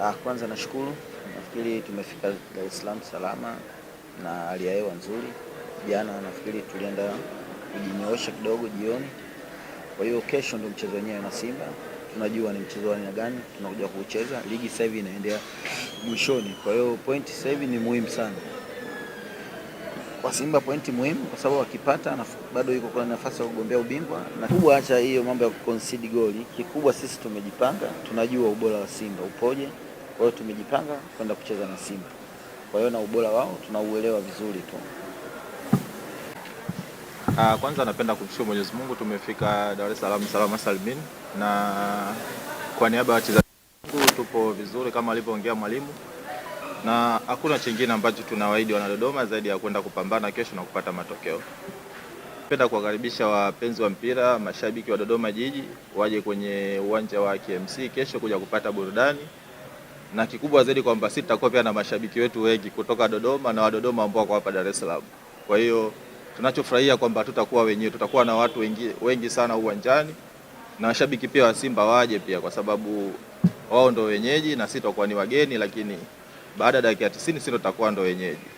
Ah, kwanza nashukuru, nafikiri tumefika Dar es Salaam salama na hali ya hewa nzuri. Jana nafikiri tulienda kujinyoosha kidogo jioni, kwa hiyo kesho ndio mchezo wenyewe na Simba. Tunajua ni mchezo wa aina gani tunakuja kuucheza. Ligi sasa hivi inaendea mwishoni, kwa hiyo pointi sasa hivi ni muhimu sana kwa Simba pointi muhimu kwa sababu akipata bado yuko kwa nafasi ya kugombea ubingwa na kubwa. Acha hiyo mambo ya concede goli, kikubwa sisi tumejipanga, tunajua ubora wa Simba upoje. Kwa hiyo tumejipanga kwenda kucheza na Simba, kwa hiyo na ubora wao tunauelewa vizuri tu. Ah, kwanza napenda kumshukuru Mwenyezi Mungu, tumefika Dar es Salaam salama salimini, na kwa niaba ya wachezaji tupo vizuri kama alivyoongea mwalimu, na hakuna chingine ambacho tunawaahidi wanadodoma zaidi ya kwenda kupambana kesho na kupata matokeo. Napenda kuwakaribisha wapenzi wa mpira, mashabiki wa Dodoma Jiji waje kwenye uwanja wa KMC kesho kuja kupata burudani na kikubwa zaidi kwamba sisi tutakuwa pia na mashabiki wetu wengi kutoka Dodoma na Wadodoma ambao wako hapa Dar es Salaam. Kwa hiyo tunachofurahia kwamba tutakuwa wenyewe, tutakuwa na watu wengi, wengi sana uwanjani na washabiki pia wa Simba waje pia, kwa sababu wao ndo wenyeji na sisi tutakuwa ni wageni, lakini baada ya dakika 90 sisi tutakuwa ndo wenyeji.